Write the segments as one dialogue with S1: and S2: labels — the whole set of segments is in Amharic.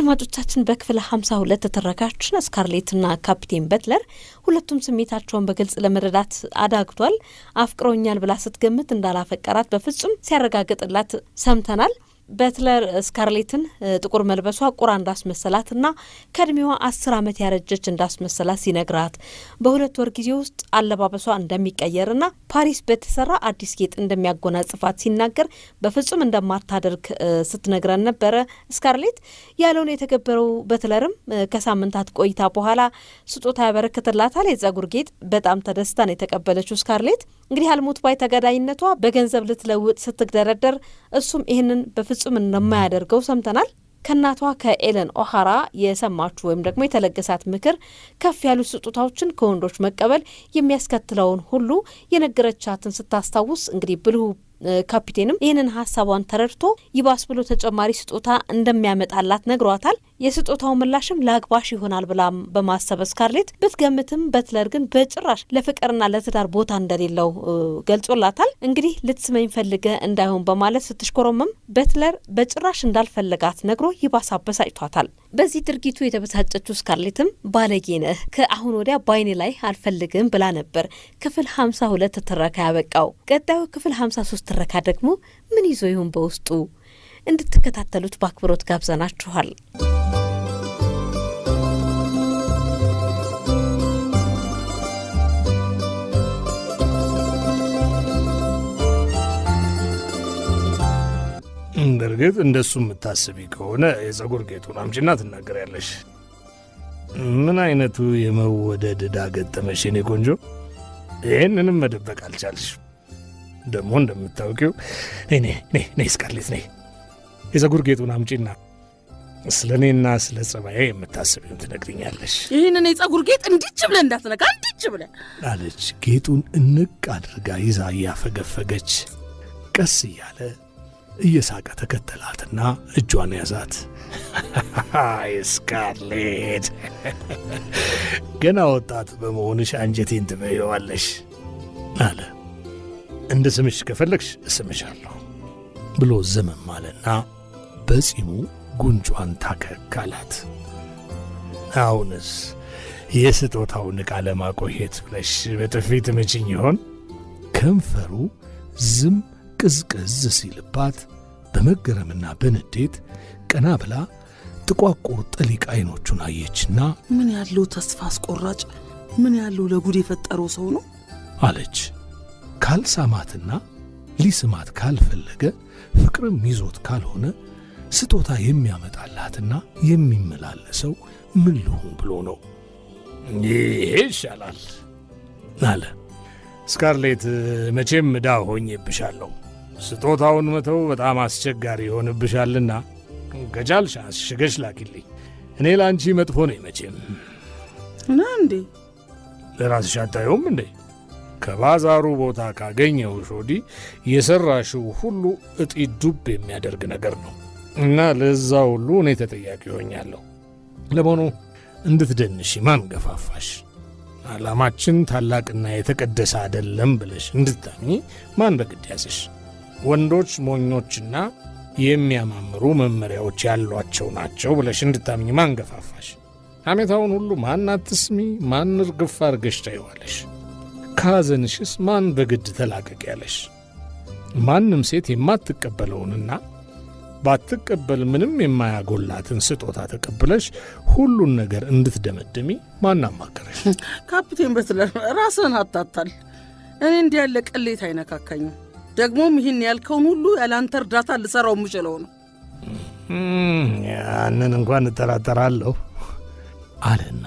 S1: አድማጮቻችን በክፍል 52 ሁለት ትረካችን ስካርሌትና ካፕቴን በትለር ሁለቱም ስሜታቸውን በግልጽ ለመረዳት አዳግቷል። አፍቅሮኛል ብላ ስትገምት እንዳላፈቀራት በፍጹም ሲያረጋግጥላት ሰምተናል። በትለር ስካርሌትን ጥቁር መልበሷ ቁራ እንዳስመሰላት እና ከእድሜዋ አስር ዓመት ያረጀች እንዳስመሰላት ሲነግራት በሁለት ወር ጊዜ ውስጥ አለባበሷ እንደሚቀየር እና ፓሪስ በተሰራ አዲስ ጌጥ እንደሚያጎናጽፋት ሲናገር በፍጹም እንደማታደርግ ስትነግረን ነበረ። ስካርሌት ያለውን የተገበረው በትለርም ከሳምንታት ቆይታ በኋላ ስጦታ ያበረክትላታል፣ የጸጉር ጌጥ። በጣም ተደስታ ነው የተቀበለችው ስካርሌት እንግዲህ አልሙት ባይ ተገዳይነቷ በገንዘብ ልትለውጥ ስትደረደር እሱም ይህንን በፍጹም እንደማያደርገው ሰምተናል። ከእናቷ ከኤለን ኦሃራ የሰማችሁ ወይም ደግሞ የተለገሳት ምክር ከፍ ያሉ ስጦታዎችን ከወንዶች መቀበል የሚያስከትለውን ሁሉ የነገረቻትን ስታስታውስ እንግዲህ ብልሁ ካፒቴንም ይህንን ሀሳቧን ተረድቶ ይባስ ብሎ ተጨማሪ ስጦታ እንደሚያመጣላት ነግሯታል። የስጦታው ምላሽም ለአግባሽ ይሆናል ብላ በማሰብ እስካርሌት ብትገምትም በትለር ግን በጭራሽ ለፍቅርና ለትዳር ቦታ እንደሌለው ገልጾላታል። እንግዲህ ልትስመኝ ፈልገ እንዳይሆን በማለት ስትሽኮረምም በትለር በጭራሽ እንዳልፈለጋት ነግሮ ይባስ አበሳጭቷታል። በዚህ ድርጊቱ የተበሳጨችው እስካርሌትም ባለጌ ነህ፣ ከአሁን ወዲያ በአይኔ ላይ አልፈልግም ብላ ነበር። ክፍል 52 ትረካ ያበቃው። ቀጣዩ ክፍል 53 ትረካ ደግሞ ምን ይዞ ይሆን በውስጡ? እንድትከታተሉት በአክብሮት ጋብዘናችኋል።
S2: እርግጥ እንደሱ የምታስቢ ከሆነ የጸጉር ጌጡን አምጪና ትናገሪያለሽ። ምን አይነቱ የመወደድ ዕዳ ገጠመሽ የኔ ቆንጆ! ይህንንም መደበቅ አልቻልሽ። ደግሞ እንደምታውቂው እኔ እኔ ስካርሌት ነኝ። የጸጉር ጌጡን አምጪና ስለ እኔና ስለ ጸባዬ የምታስቢውን ትነግርኛለሽ።
S1: ይህንን የጸጉር ጌጥ እንዲች ብለ እንዳትነካ፣ እንዲች ብለ
S2: አለች። ጌጡን እንቅ አድርጋ ይዛ እያፈገፈገች ቀስ እያለ እየሳቀ ተከተላትና እጇን ያዛት። ስካርሌት፣ ገና ወጣት በመሆንሽ አንጀቴን ትበየዋለሽ አለ። እንደ ስምሽ ከፈለግሽ እስምሻለሁ ብሎ ዘመም አለና በጺሙ ጉንጯን ታከካላት። አሁንስ የስጦታውን ዕቃ ለማቆየት ብለሽ በጥፊ ትመችኝ ይሆን? ከንፈሩ ዝም ቅዝቅዝ ሲልባት በመገረምና በንዴት ቀና ብላ ጥቋቁር ጠሊቅ አይኖቹን አየችና
S1: ምን ያለው ተስፋ አስቆራጭ፣ ምን ያለው ለጉድ የፈጠረው ሰው ነው
S2: አለች። ካልሳማትና ሊስማት ካልፈለገ ፍቅርም ይዞት ካልሆነ ስጦታ የሚያመጣላትና የሚመላለሰው ምን ልሁን ብሎ ነው? ይሄ ይሻላል አለ። ስካርሌት፣ መቼም ዕዳ ሆኜብሻለሁ ስጦታውን መተው በጣም አስቸጋሪ ይሆንብሻልና ከቻልሽ አሽገሽ ላኪልኝ። እኔ ለአንቺ መጥፎ ነኝ መቼም እና እንዴ ለራስሽ አታየውም እንዴ? ከባዛሩ ቦታ ካገኘሁሽ ወዲህ የሠራሽው ሁሉ እጢ ዱብ የሚያደርግ ነገር ነው እና ለዛ ሁሉ እኔ ተጠያቂ ይሆኛለሁ። ለመሆኑ እንድትደንሽ ማን ገፋፋሽ? ዓላማችን ታላቅና የተቀደሰ አይደለም ብለሽ እንድታምኚ ማን በግድ ያዘሽ? ወንዶች ሞኞችና የሚያማምሩ መመሪያዎች ያሏቸው ናቸው ብለሽ እንድታምኝ ማንገፋፋሽ? ሐሜታውን ሁሉ ማን አትስሚ፣ ማን እርግፍ አርገሽ ታይዋለሽ? ከሐዘንሽስ ማን በግድ ተላቀቅ ያለሽ? ማንም ሴት የማትቀበለውንና ባትቀበል ምንም የማያጎላትን ስጦታ ተቀብለሽ ሁሉን ነገር እንድትደመድሚ ማን አማከረሽ?
S1: ካፕቴን በትለር ራስህን አታታል። እኔ እንዲህ ያለ ቅሌት አይነካካኝም። ደግሞም ይህን ያልከውን ሁሉ ያለአንተ እርዳታ ልሰራው የምችለው ነው።
S2: ያንን እንኳን እጠራጠራለሁ አለና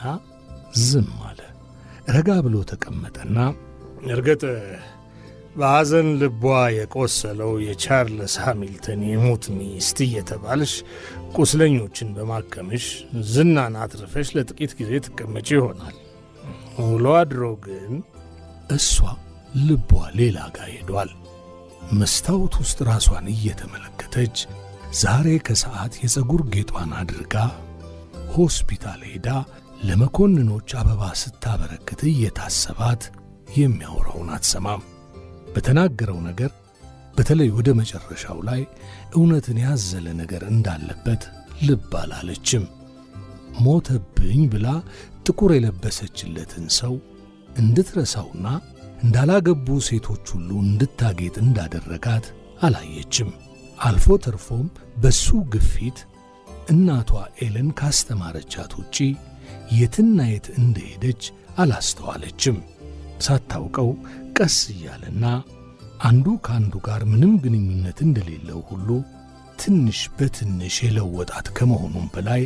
S2: ዝም አለ። ረጋ ብሎ ተቀመጠና እርግጥ በሐዘን ልቧ የቆሰለው የቻርልስ ሃሚልተን የሞት ሚስት እየተባልሽ ቁስለኞችን በማከምሽ ዝናን አትርፈሽ ለጥቂት ጊዜ ትቀመጪ ይሆናል። ውሎ አድሮ ግን እሷ ልቧ ሌላ ጋር ሄዷል። መስታወት ውስጥ ራሷን እየተመለከተች ዛሬ ከሰዓት የፀጉር ጌጧን አድርጋ ሆስፒታል ሄዳ ለመኮንኖች አበባ ስታበረክት እየታሰባት የሚያወራውን አትሰማም። በተናገረው ነገር በተለይ ወደ መጨረሻው ላይ እውነትን ያዘለ ነገር እንዳለበት ልብ አላለችም። ሞተብኝ ብላ ጥቁር የለበሰችለትን ሰው እንድትረሳውና እንዳላገቡ ሴቶች ሁሉ እንድታጌጥ እንዳደረጋት አላየችም። አልፎ ተርፎም በሱ ግፊት እናቷ ኤለን ካስተማረቻት ውጪ የትና የት እንደሄደች አላስተዋለችም። ሳታውቀው ቀስ እያለና አንዱ ከአንዱ ጋር ምንም ግንኙነት እንደሌለው ሁሉ ትንሽ በትንሽ የለወጣት ከመሆኑም በላይ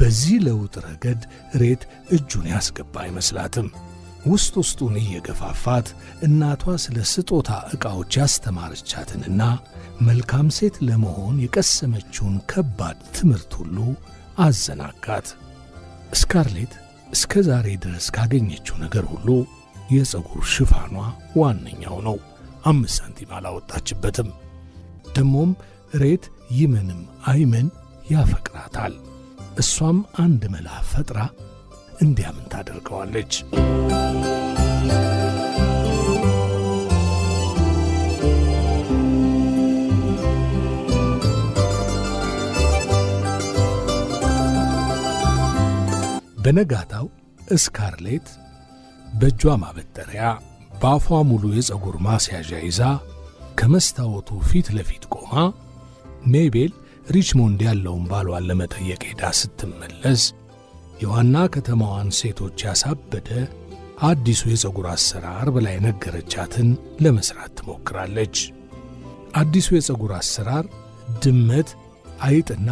S2: በዚህ ለውጥ ረገድ ሬት እጁን ያስገባ አይመስላትም። ውስጥ ውስጡን እየገፋፋት እናቷ ስለ ስጦታ ዕቃዎች ያስተማረቻትንና መልካም ሴት ለመሆን የቀሰመችውን ከባድ ትምህርት ሁሉ አዘናጋት። ስካርሌት እስከ ዛሬ ድረስ ካገኘችው ነገር ሁሉ የፀጉር ሽፋኗ ዋነኛው ነው። አምስት ሳንቲም አላወጣችበትም። ደሞም ሬት ይመንም አይመን ያፈቅራታል። እሷም አንድ መላ ፈጥራ እንዲያምን ታደርገዋለች። በነጋታው እስካርሌት በእጇ ማበጠሪያ በአፏ ሙሉ የፀጉር ማስያዣ ይዛ ከመስታወቱ ፊት ለፊት ቆማ ሜቤል ሪችሞንድ ያለውን ባሏን ለመጠየቅ ሄዳ ስትመለስ የዋና ከተማዋን ሴቶች ያሳበደ አዲሱ የፀጉር አሰራር ብላ የነገረቻትን ለመሥራት ትሞክራለች። አዲሱ የፀጉር አሰራር ድመት፣ አይጥና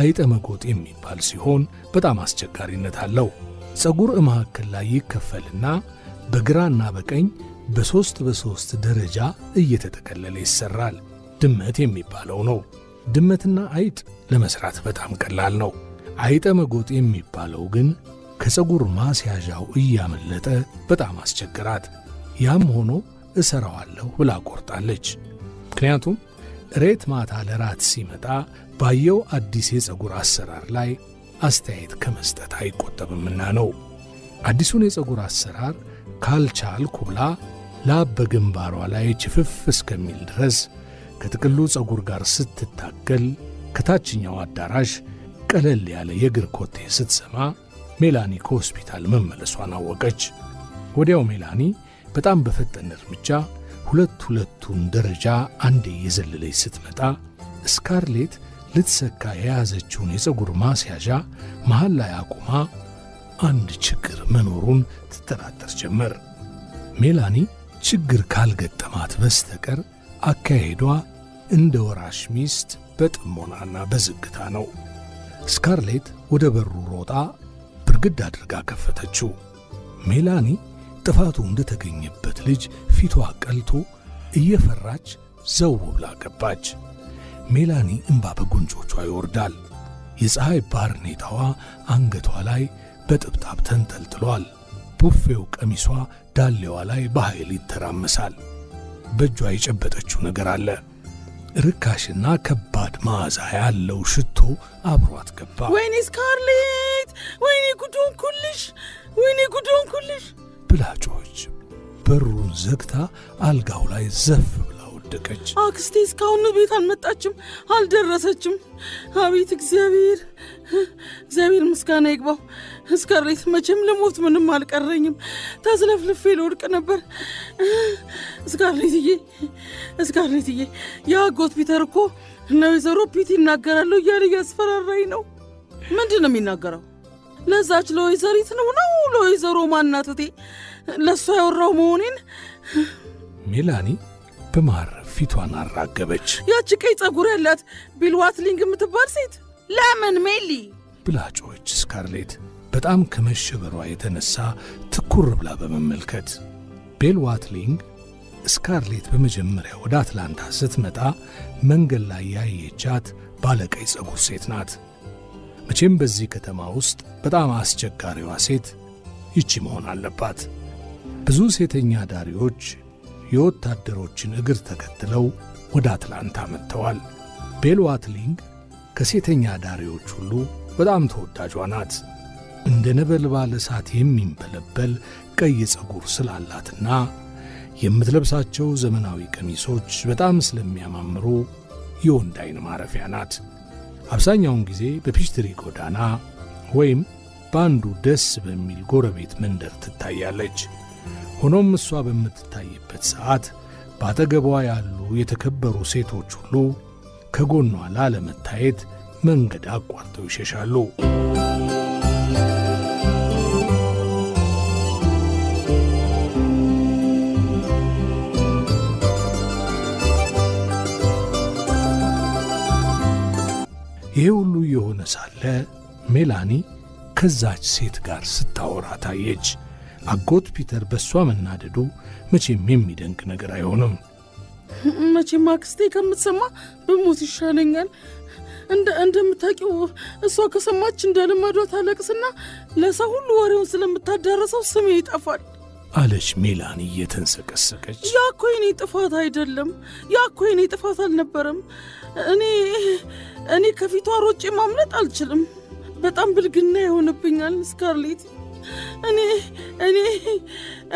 S2: አይጠ መጎጥ የሚባል ሲሆን በጣም አስቸጋሪነት አለው። ፀጉር መካከል ላይ ይከፈልና በግራና በቀኝ በሦስት በሦስት ደረጃ እየተጠቀለለ ይሠራል። ድመት የሚባለው ነው። ድመትና አይጥ ለመሥራት በጣም ቀላል ነው። አይጠመጎጥ የሚባለው ግን ከፀጉር ማስያዣው እያመለጠ በጣም አስቸግራት ያም ሆኖ እሰራዋለሁ ብላ ቆርጣለች። ምክንያቱም እሬት ማታ ለራት ሲመጣ ባየው አዲስ የፀጉር አሰራር ላይ አስተያየት ከመስጠት አይቆጠብምና ነው። አዲሱን የፀጉር አሰራር ካልቻልኩ ብላ ላብ በግንባሯ ላይ ችፍፍ እስከሚል ድረስ ከጥቅሉ ፀጉር ጋር ስትታገል ከታችኛው አዳራሽ ቀለል ያለ የእግር ኮቴ ስትሰማ ሜላኒ ከሆስፒታል መመለሷን አወቀች። ወዲያው ሜላኒ በጣም በፈጠነ እርምጃ ሁለት ሁለቱን ደረጃ አንዴ የዘለለች ስትመጣ ስካርሌት ልትሰካ የያዘችውን የፀጉር ማስያዣ መሃል ላይ አቁማ አንድ ችግር መኖሩን ትጠራጠር ጀመር። ሜላኒ ችግር ካልገጠማት በስተቀር አካሄዷ እንደ ወራሽ ሚስት በጥሞናና በዝግታ ነው። ስካርሌት ወደ በሩ ሮጣ ብርግድ አድርጋ ከፈተችው። ሜላኒ ጥፋቱ እንደተገኘበት ልጅ ፊቷ ቀልቶ እየፈራች ዘው ብላ ገባች። ሜላኒ እምባ በጉንጮቿ ይወርዳል። የፀሐይ ባርኔጣዋ አንገቷ ላይ በጥብጣብ ተንጠልጥሏል። ቡፌው ቀሚሷ ዳሌዋ ላይ በኃይል ይተራመሳል። በእጇ የጨበጠችው ነገር አለ። ርካሽና ከባድ መዓዛ ያለው ሽቶ አብሯት ገባ።
S1: ወይኔ ስካርሌት፣ ወይኔ ጉዶን ኩልሽ፣ ወይኔ ጉዶን ኩልሽ
S2: ብላ ጮኸች። በሩን ዘግታ አልጋው ላይ ዘፍ ወደቀች።
S1: አክስቴ እስካሁን ቤት አልመጣችም፣ አልደረሰችም። አቤት እግዚአብሔር፣ እግዚአብሔር ምስጋና ይግባው። እስከሬት መቼም ለሞት ምንም አልቀረኝም። ተዝለፍልፌ ልወድቅ ነበር። እስካርሌትዬ፣ እስካርሌትዬ የአጎት ፒተር እኮ እነ ወይዘሮ ፒት ይናገራለሁ እያለ እያስፈራራኝ ነው። ምንድን ነው የሚናገረው? ለዛች ለወይዘሪት ነው ነው ለወይዘሮ ማናትቴ ለእሷ ያወራው መሆኔን
S2: ሜላኒ በማረ ፊቷን አራገበች።
S1: ያቺ ቀይ ጸጉር ያላት ቢል ዋትሊንግ የምትባል ሴት ለምን ሜሊ
S2: ብላጮች ስካርሌት በጣም ከመሸበሯ የተነሳ ትኩር ብላ በመመልከት ቤል ዋትሊንግ ስካርሌት በመጀመሪያ ወደ አትላንታ ስትመጣ መንገድ ላይ ያየቻት ባለቀይ ጸጉር ሴት ናት። መቼም በዚህ ከተማ ውስጥ በጣም አስቸጋሪዋ ሴት ይቺ መሆን አለባት። ብዙ ሴተኛ ዳሪዎች የወታደሮችን እግር ተከትለው ወደ አትላንታ መጥተዋል። ቤል ዋትሊንግ ከሴተኛ ዳሪዎች ሁሉ በጣም ተወዳጇ ናት። እንደ ነበልባል እሳት የሚንበለበል ቀይ ፀጉር ስላላትና የምትለብሳቸው ዘመናዊ ቀሚሶች በጣም ስለሚያማምሩ የወንድ ዓይን ማረፊያ ናት። አብዛኛውን ጊዜ በፒችትሪ ጎዳና ወይም በአንዱ ደስ በሚል ጎረቤት መንደር ትታያለች። ሆኖም እሷ በምትታይበት ሰዓት በአጠገቧ ያሉ የተከበሩ ሴቶች ሁሉ ከጎኗ ላለመታየት መንገድ አቋርጠው ይሸሻሉ። ይሄ ሁሉ የሆነ ሳለ ሜላኒ ከዛች ሴት ጋር ስታወራ ታየች። አጎት ፒተር በእሷ መናደዱ መቼም የሚደንቅ ነገር አይሆንም።
S1: መቼም አክስቴ ከምትሰማ ብሞት ይሻለኛል። እንደምታውቂው እሷ ከሰማች እንደ ልማዷ ታለቅስና ለሰው ሁሉ ወሬውን ስለምታዳረሰው ስሜ ይጠፋል
S2: አለች ሜላኒ እየተንሰቀሰቀች።
S1: ያ እኮ የኔ ጥፋት አይደለም። ያ እኮ የኔ ጥፋት አልነበረም። እኔ እኔ ከፊቷ ሮጬ ማምለጥ አልችልም። በጣም ብልግና ይሆንብኛል ስካርሌት እኔ እኔ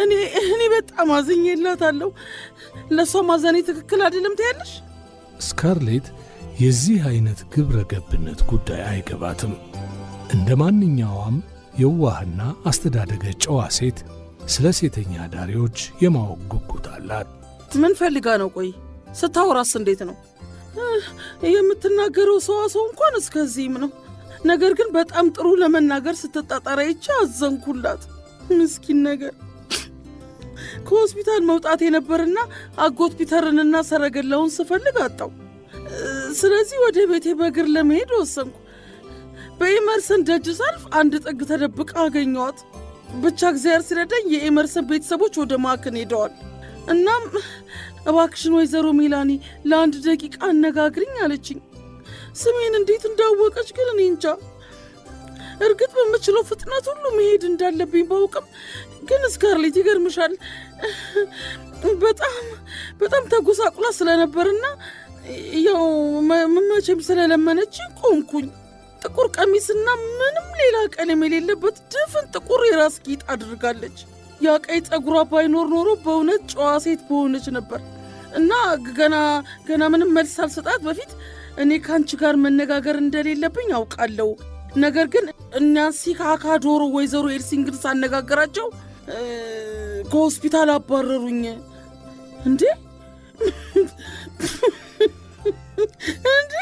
S1: እኔ እኔ በጣም አዝኜላታለሁ። ለእሷ ማዘኔ ትክክል አይደለም ትያለሽ?
S2: ስካርሌት የዚህ አይነት ግብረ ገብነት ጉዳይ አይገባትም። እንደ ማንኛውም የዋህና አስተዳደገ ጨዋ ሴት ስለ ሴተኛ ዳሪዎች የማወቅ ጉጉት አላት።
S1: ምን ፈልጋ ነው? ቆይ ስታወራስ እንዴት ነው የምትናገረው? ሰዋሰው እንኳን እስከዚህም ነው። ነገር ግን በጣም ጥሩ ለመናገር ስትጣጣር አይቼ አዘንኩላት። ምስኪን ነገር ከሆስፒታል መውጣት የነበርና አጎት ፒተርንና ሰረገላውን ስፈልግ አጣው። ስለዚህ ወደ ቤቴ በእግር ለመሄድ ወሰንኩ። በኢመርሰን ደጅ ሳልፍ አንድ ጥግ ተደብቃ አገኘዋት። ብቻ እግዚአብሔር ሲረዳኝ የኢመርሰን ቤተሰቦች ወደ ማዕከን ሄደዋል። እናም እባክሽን ወይዘሮ ሜላኒ ለአንድ ደቂቃ አነጋግርኝ አለችኝ። ስሜን እንዴት እንዳወቀች ግን እኔ እንጃ። እርግጥ በምችለው ፍጥነት ሁሉ መሄድ እንዳለብኝ ባውቅም ግን እስካርሌት ይገርምሻል በጣም በጣም ተጎሳቁላ ስለነበርና ያው መቼም ስለለመነች ቆምኩኝ። ጥቁር ቀሚስና ምንም ሌላ ቀለም የሌለበት ድፍን ጥቁር የራስ ጌጥ አድርጋለች። ያ ቀይ ጸጉሯ ባይኖር ኖሮ በእውነት ጨዋ ሴት በሆነች ነበር እና ገና ገና ምንም መልስ ሳልሰጣት በፊት እኔ ከአንቺ ጋር መነጋገር እንደሌለብኝ አውቃለሁ። ነገር ግን እናሲ ካካ ዶሮ ወይዘሮ ኤልሲንግን ሳነጋገራቸው ከሆስፒታል አባረሩኝ። እንዴ እንዴ!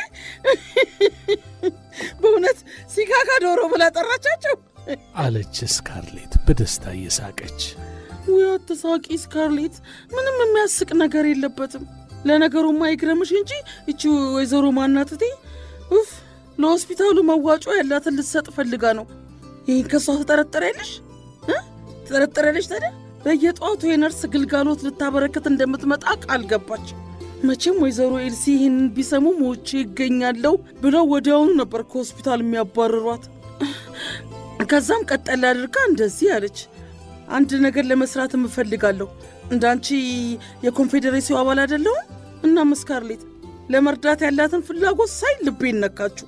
S1: በእውነት ሲካካ ዶሮ ብላ ጠራቻቸው
S2: አለች ስካርሌት በደስታ እየሳቀች።
S1: ውይ አትሳቂ ስካርሌት፣ ምንም የሚያስቅ ነገር የለበትም። ለነገሩ ይግረምሽ እንጂ እቺ ወይዘሮ ማናትቴ ፍ ለሆስፒታሉ መዋጮ ያላትን ልትሰጥ ፈልጋ ነው። ይህን ከሷ ትጠረጠሪያለሽ? ትጠረጠሪያለሽ ታዲያ በየጠዋቱ የነርስ ግልጋሎት ልታበረከት እንደምትመጣ ቃል ገባች። መቼም ወይዘሮ ኤልሲ ይህን ቢሰሙ ሞቼ ይገኛለው ብለው ወዲያውኑ ነበር ከሆስፒታል የሚያባርሯት። ከዛም ቀጠል አድርጋ እንደዚህ አለች፣ አንድ ነገር ለመስራት እፈልጋለሁ እንዳንቺ የኮንፌዴሬሲው አባል አይደለሁም። እና ስካርሌት ለመርዳት ያላትን ፍላጎት ሳይ ልቤ ነካችሁ።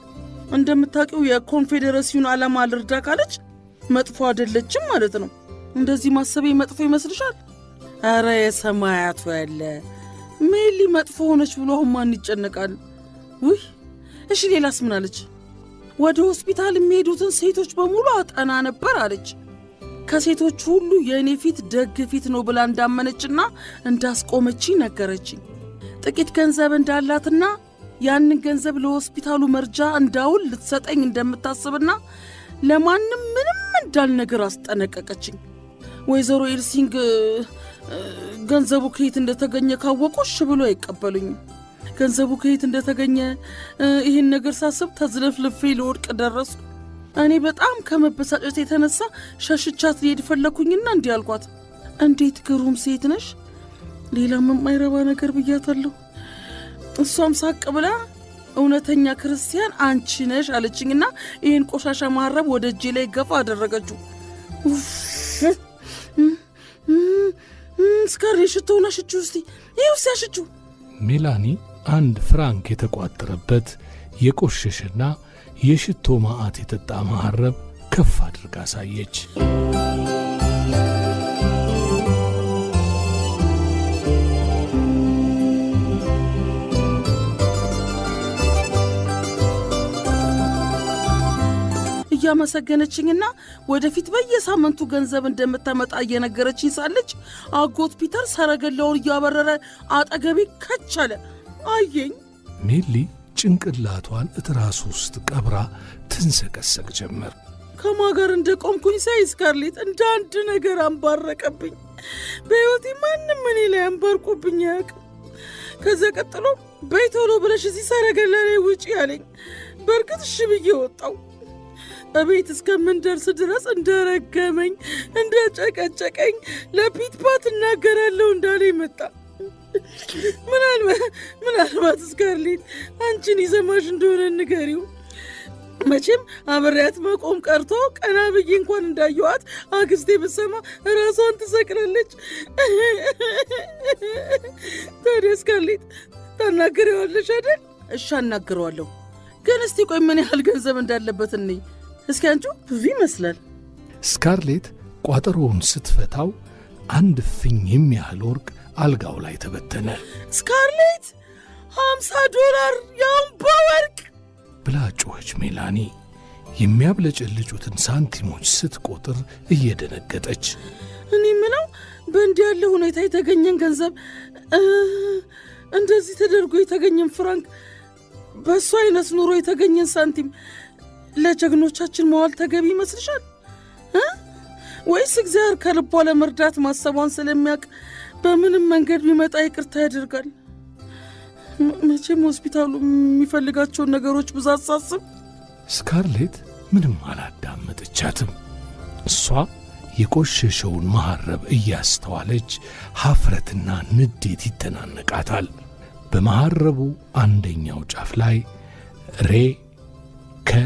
S1: እንደምታውቂው የኮንፌዴሬሲውን ዓላማ ልርዳ ካለች መጥፎ አይደለችም ማለት ነው። እንደዚህ ማሰቤ መጥፎ ይመስልሻል? አረ የሰማያቱ ያለ ሜሊ መጥፎ ሆነች ብሎ አሁን ማን ይጨነቃል? ውይ እሺ፣ ሌላስ ምን አለች? ወደ ሆስፒታል የሚሄዱትን ሴቶች በሙሉ አጠና ነበር አለች። ከሴቶች ሁሉ የእኔ ፊት ደግ ፊት ነው ብላ እንዳመነችና እንዳስቆመች ነገረችኝ። ጥቂት ገንዘብ እንዳላትና ያንን ገንዘብ ለሆስፒታሉ መርጃ እንዳውል ልትሰጠኝ እንደምታስብና ለማንም ምንም እንዳልነገር አስጠነቀቀችኝ። ወይዘሮ ኤልሲንግ ገንዘቡ ከየት እንደተገኘ ካወቁ እሺ ብሎ አይቀበሉኝም። ገንዘቡ ከየት እንደተገኘ ይህን ነገር ሳስብ ተዝለፍልፌ ልወድቅ ደረስኩ። እኔ በጣም ከመበሳጨት የተነሳ ሸሽቻት ልሄድ ፈለኩኝና እንዲህ አልኳት። እንዴት ግሩም ሴት ነሽ! ሌላም የማይረባ ነገር ብያታለሁ። እሷም ሳቅ ብላ እውነተኛ ክርስቲያን አንቺ ነሽ አለችኝና ይህን ቆሻሻ መሀረብ ወደ እጄ ላይ ገፋ አደረገችው። ስካር ሽቶና ሽቹ ውስ ይህ ውስ ያሽችው።
S2: ሜላኒ አንድ ፍራንክ የተቋጠረበት የቆሸሸና የሽቶ መዓት የተጣ መሐረብ ከፍ አድርጋ አሳየች።
S1: እያመሰገነችኝና ወደፊት በየሳምንቱ ገንዘብ እንደምታመጣ እየነገረችኝ ሳለች አጎት ፒተር ሰረገላውን እያበረረ አጠገቤ ከች አለ። አየኝ
S2: ሜሊ ጭንቅላቷን እትራስ ውስጥ ቀብራ ትንሰቀሰቅ ጀመር።
S1: ከማ ጋር እንደ ቆምኩኝ ሳይ ስካርሌት እንደ አንድ ነገር አንባረቀብኝ። በሕይወቴ ማንም እኔ ላይ አንባርቆብኝ አያውቅም። ከዚያ ቀጥሎ በይቶሎ ብለሽ እዚህ ሰረገላ ላይ ውጪ ያለኝ፣ በእርግጥ እሺ ብዬ ወጣው። እቤት እስከምንደርስ ድረስ እንደረገመኝ፣ እንደጨቀጨቀኝ ለፒትፓት እናገራለሁ እንዳለ መጣ። ምናልባት እስካርሌት አንቺን ይሰማሽ እንደሆነ ንገሪው። መቼም አብሬያት መቆም ቀርቶ ቀና ብዬ እንኳን እንዳየዋት አክስቴ ብሰማ ራሷን ትሰቅላለች። ታዲያ እስካርሌት ታናግሬዋለሽ አይደል? እሺ አናግረዋለሁ። ግን እስቲ ቆይ ምን ያህል ገንዘብ እንዳለበት እኔ እስኪ አንቺ ብዙ ይመስላል።
S2: ስካርሌት ቋጠሮውን ስትፈታው አንድ ፍኝም ያህል ወርቅ አልጋው ላይ ተበተነ።
S1: ስካርሌት ሃምሳ ዶላር ያውም በወርቅ
S2: ብላ ጮኸች። ሜላኒ የሚያብለጨልጩትን ሳንቲሞች ስትቆጥር እየደነገጠች
S1: እኔ ምለው በእንዲህ ያለ ሁኔታ የተገኘን ገንዘብ እንደዚህ ተደርጎ የተገኘን ፍራንክ በእሱ አይነት ኑሮ የተገኘን ሳንቲም ለጀግኖቻችን መዋል ተገቢ ይመስልሻል? ወይስ እግዚአብሔር ከልቧ ለመርዳት ማሰቧን ስለሚያውቅ በምንም መንገድ ቢመጣ ይቅርታ ያደርጋል። መቼም ሆስፒታሉ የሚፈልጋቸውን ነገሮች ብዛት ሳስብ
S2: ስካርሌት ምንም አላዳመጠቻትም። እሷ የቆሸሸውን መሐረብ እያስተዋለች ሐፍረትና ንዴት ይተናነቃታል። በመሐረቡ አንደኛው ጫፍ ላይ ሬ ከ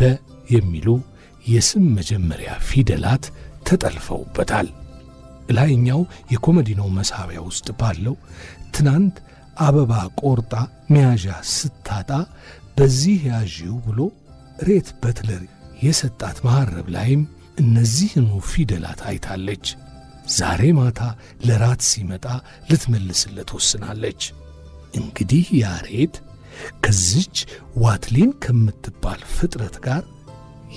S2: በ የሚሉ የስም መጀመሪያ ፊደላት ተጠልፈውበታል። ላይኛው የኮመዲኖ መሳቢያ ውስጥ ባለው ትናንት አበባ ቆርጣ መያዣ ስታጣ በዚህ ያዢው ብሎ ሬት በትለር የሰጣት መሐረብ ላይም እነዚህኑ ፊደላት አይታለች። ዛሬ ማታ ለራት ሲመጣ ልትመልስለት ወስናለች። እንግዲህ ያሬት ከዚች ዋትሊን ከምትባል ፍጥረት ጋር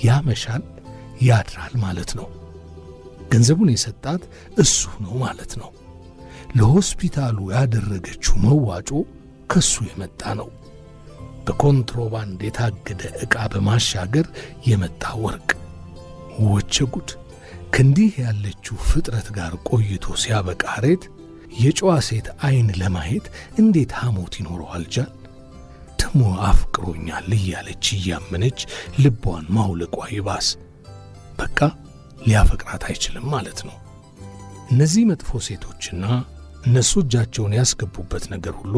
S2: ያመሻል፣ ያድራል ማለት ነው። ገንዘቡን የሰጣት እሱ ነው ማለት ነው። ለሆስፒታሉ ያደረገችው መዋጮ ከሱ የመጣ ነው። በኮንትሮባንድ የታገደ ዕቃ በማሻገር የመጣ ወርቅ። ወቸ ጉድ! ከእንዲህ ያለችው ፍጥረት ጋር ቆይቶ ሲያበቃ ሬት የጨዋ ሴት ዐይን ለማየት እንዴት ሐሞት ይኖረዋል? ጃል ደሞ አፍቅሮኛል እያለች እያመነች ልቧን ማውለቋ ይባስ በቃ ሊያፈቅራት አይችልም ማለት ነው። እነዚህ መጥፎ ሴቶችና እነሱ እጃቸውን ያስገቡበት ነገር ሁሉ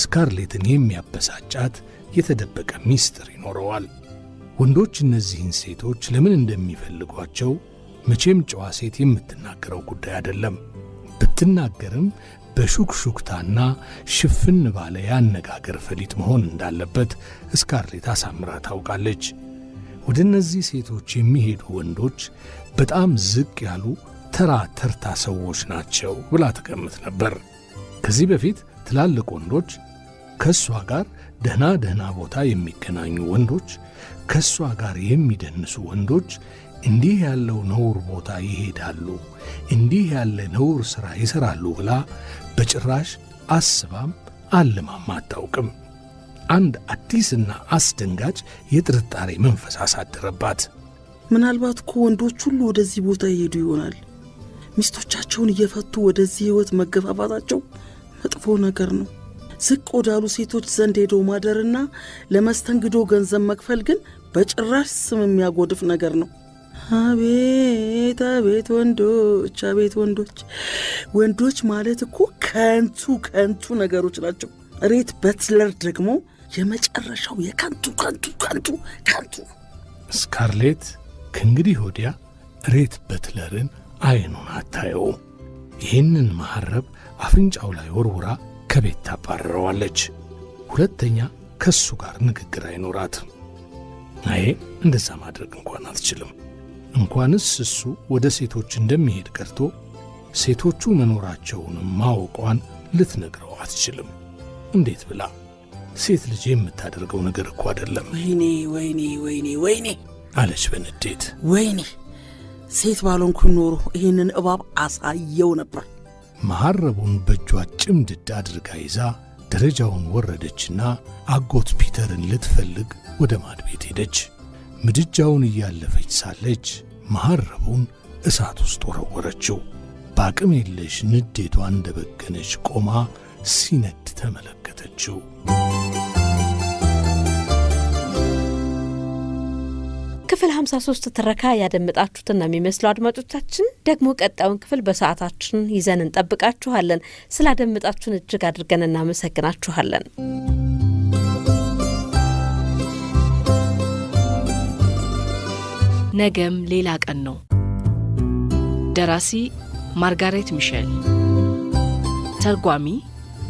S2: ስካርሌትን የሚያበሳጫት የተደበቀ ሚስጥር ይኖረዋል። ወንዶች እነዚህን ሴቶች ለምን እንደሚፈልጓቸው መቼም ጨዋ ሴት የምትናገረው ጉዳይ አይደለም። ብትናገርም በሹክሹክታና ሽፍን ባለ የአነጋገር ፈሊጥ መሆን እንዳለበት እስካርሌት አሳምራ ታውቃለች። ወደ እነዚህ ሴቶች የሚሄዱ ወንዶች በጣም ዝቅ ያሉ ተራ ተርታ ሰዎች ናቸው ብላ ትገምት ነበር። ከዚህ በፊት ትላልቅ ወንዶች ከእሷ ጋር ደህና ደህና ቦታ የሚገናኙ ወንዶች፣ ከእሷ ጋር የሚደንሱ ወንዶች እንዲህ ያለው ነውር ቦታ ይሄዳሉ፣ እንዲህ ያለ ነውር ሥራ ይሠራሉ ብላ በጭራሽ አስባም አልማም አታውቅም። አንድ አዲስና አስደንጋጭ የጥርጣሬ መንፈስ አሳደረባት።
S1: ምናልባት እኮ ወንዶች ሁሉ ወደዚህ ቦታ ይሄዱ ይሆናል። ሚስቶቻቸውን እየፈቱ ወደዚህ ሕይወት መገፋፋታቸው መጥፎ ነገር ነው። ዝቅ ወዳሉ ሴቶች ዘንድ ሄዶ ማደርና ለመስተንግዶ ገንዘብ መክፈል ግን በጭራሽ ስም የሚያጎድፍ ነገር ነው። አቤት አቤት ወንዶች፣ አቤት ወንዶች። ወንዶች ማለት እኮ ከንቱ ከንቱ ነገሮች ናቸው። ሬት በትለር ደግሞ የመጨረሻው የከንቱ ከንቱ ከንቱ ከንቱ።
S2: ስካርሌት ከእንግዲህ ወዲያ ሬት በትለርን አይኑን አታየውም። ይህንን መሐረብ አፍንጫው ላይ ወርውራ ከቤት ታባረረዋለች። ሁለተኛ ከሱ ጋር ንግግር አይኖራትም። አይ እንደዛ ማድረግ እንኳን አትችልም። እንኳንስ እሱ ወደ ሴቶች እንደሚሄድ ቀርቶ ሴቶቹ መኖራቸውንም ማወቋን ልትነግረው አትችልም። እንዴት ብላ ሴት ልጅ የምታደርገው ነገር እኮ አይደለም።
S1: ወይኔ ወይኔ ወይኔ ወይኔ
S2: አለች በንዴት።
S1: ወይኔ ሴት ባልሆንኩኝ ኖሮ ይህንን እባብ አሳየው ነበር።
S2: መሐረቡን በእጇ ጭምድድ አድርጋ ይዛ ደረጃውን ወረደችና አጎት ፒተርን ልትፈልግ ወደ ማድ ቤት ሄደች። ምድጃውን እያለፈች ሳለች መሐረቡን እሳት ውስጥ ወረወረችው። በአቅም የለሽ ንዴቷ እንደበገነች ቆማ ሲነድ ተመለከተችው።
S3: ክፍል 53 ትረካ ያደመጣችሁትን ነው የሚመስለው። አድማጮቻችን ደግሞ ቀጣዩን ክፍል በሰዓታችን ይዘን እንጠብቃችኋለን። ስላደመጣችሁን እጅግ አድርገን እናመሰግናችኋለን። ነገም ሌላ ቀን ነው። ደራሲ ማርጋሬት ሚሼል፣ ተርጓሚ